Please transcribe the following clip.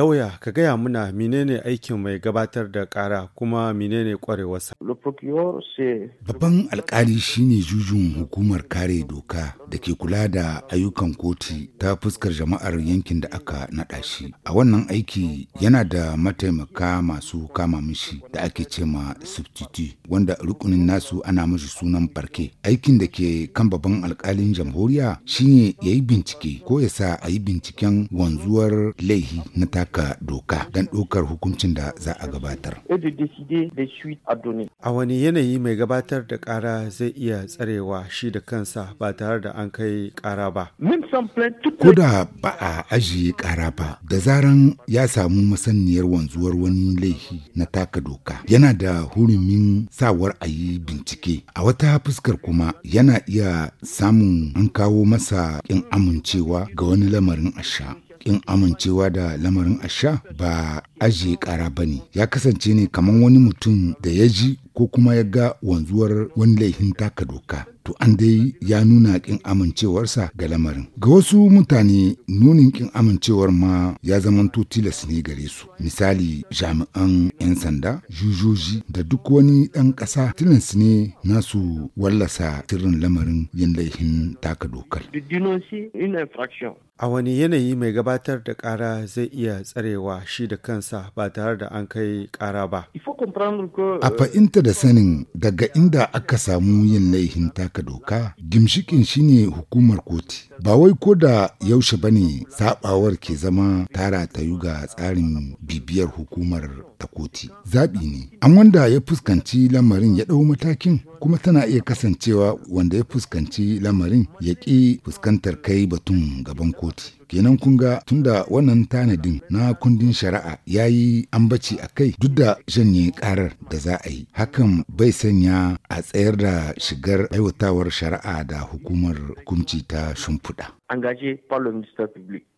Lauya ka gaya muna menene aikin mai gabatar da ƙara kuma menene kwarewarsa. Babban alkali shine jujun hukumar kare doka da ke kula da ayyukan koti ta fuskar jama'ar yankin da aka naɗa shi. A wannan aiki yana da mataimaka masu kama mishi da ake ce ma substitute wanda rukunin nasu ana mishi sunan barke. Aikin da ke kan babban alkalin jamhuriya shine ya yi bincike ko ya sa a yi binciken wanzuwar laihi na taka saka doka don ɗaukar hukuncin da za a gabatar. A wani yanayi mai gabatar da ƙara zai iya tsarewa shi da kansa ba tare da an kai ƙara ba. Ko da ba a ajiye ƙara ba, da zaran ya samu masaniyar wanzuwar wani laifi na taka doka, yana da hurumin sawar a yi bincike. A wata fuskar kuma yana iya samun an kawo masa ƙin amincewa ga wani lamarin asha. ƙin amincewa da lamarin asha ba ajiye kara ba ne ya kasance ne kamar wani mutum da ya ji ko kuma ya ga wanzuwar wani laifin taka doka to an dai ya nuna kin amincewarsa ga lamarin ga wasu mutane nunin kin amincewar ma ya zamanto tilas ne gare su misali jami'an 'yan sanda jujoji da duk wani ɗan ƙasa tilas ne nasu wallasa sirrin lamarin yin laifin taka dokar a wani yanayi mai gabatar da kara zai iya tsarewa shi da kansa sa ba tare da an kai ƙara ba. A euh, fa'inta da sanin daga inda aka samu yin laihin taka doka, gimshikin shine hukumar koti. Ba wai ko da yaushe ba ne sabawar ke zama tara ta yi ga tsarin bibiyar hukumar ta koti. Zabi ne. An wanda ya fuskanci lamarin ya ɗau matakin kuma tana iya kasancewa wanda ya fuskanci lamarin ya ƙi fuskantar kai batun gaban koti. kenan kun ga tunda wannan tanadin na kundin shari'a ya yi ambaci a kai duk da janye karar da za a yi hakan bai sanya a tsayar da shigar aiwatawar shari'a da hukumar hukunci ta shimfiɗa. An gaje le public.